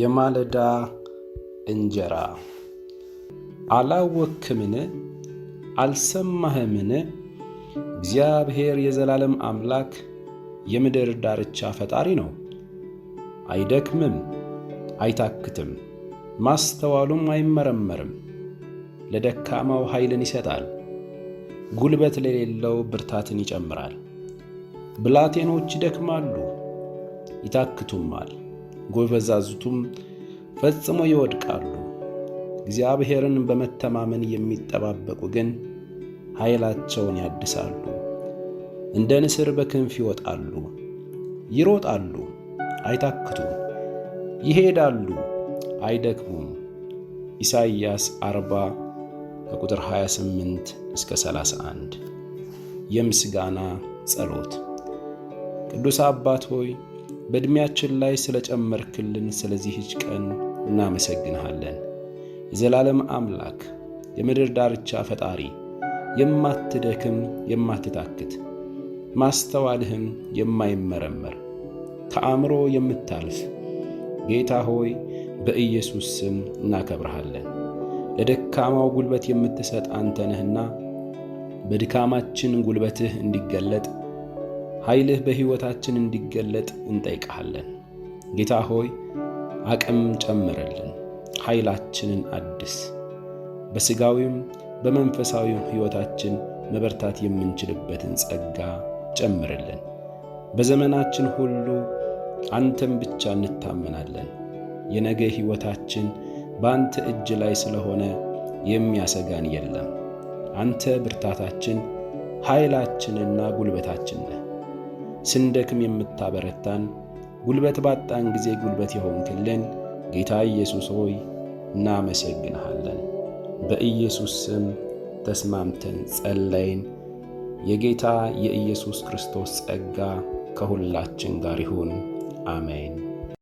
የማለዳ እንጀራ አላወክምን? አልሰማህምን? እግዚአብሔር የዘላለም አምላክ የምድር ዳርቻ ፈጣሪ ነው። አይደክምም፣ አይታክትም፣ ማስተዋሉም አይመረመርም። ለደካማው ኃይልን ይሰጣል፣ ጉልበት ለሌለው ብርታትን ይጨምራል። ብላቴኖች ይደክማሉ፣ ይታክቱማል ጎበዛዝቱም ፈጽሞ ይወድቃሉ። እግዚአብሔርን በመተማመን የሚጠባበቁ ግን ኃይላቸውን ያድሳሉ፣ እንደ ንስር በክንፍ ይወጣሉ። ይሮጣሉ፣ አይታክቱም፣ ይሄዳሉ፣ አይደክሙም። ኢሳይያስ 40 ከቁጥር 28 እስከ 31። የምስጋና ጸሎት ቅዱስ አባት ሆይ በዕድሜያችን ላይ ስለጨመርክልን ስለዚህች ቀን እናመሰግንሃለን። የዘላለም አምላክ፣ የምድር ዳርቻ ፈጣሪ፣ የማትደክም የማትታክት፣ ማስተዋልህም የማይመረመር ከአእምሮ የምታልፍ ጌታ ሆይ በኢየሱስ ስም እናከብረሃለን። ለደካማው ጉልበት የምትሰጥ አንተ ነህና በድካማችን ጉልበትህ እንዲገለጥ ኃይልህ በሕይወታችን እንዲገለጥ እንጠይቀሃለን። ጌታ ሆይ አቅም ጨምረልን፣ ኃይላችንን አድስ። በሥጋዊም በመንፈሳዊም ሕይወታችን መበርታት የምንችልበትን ጸጋ ጨምርልን። በዘመናችን ሁሉ አንተም ብቻ እንታመናለን። የነገ ሕይወታችን በአንተ እጅ ላይ ስለሆነ የሚያሰጋን የለም። አንተ ብርታታችን፣ ኃይላችንና ጉልበታችን ነህ። ስንደክም የምታበረታን፣ ጉልበት ባጣን ጊዜ ጉልበት የሆንክልን ጌታ ኢየሱስ ሆይ እናመሰግንሃለን። በኢየሱስ ስም ተስማምተን ጸለይን። የጌታ የኢየሱስ ክርስቶስ ጸጋ ከሁላችን ጋር ይሁን። አሜን።